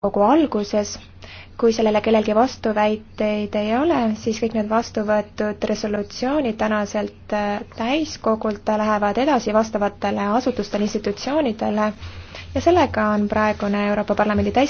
kogu alguses. kui sellele kellelgi vastuväiteid ei ole, siis kõik need vastu võetud resolutsioonid tänaselt äh, täiskogult lähevad edasi vastavatele asutustele, institutsioonidele ja sellega on praegune Euroopa Parlamendi täis-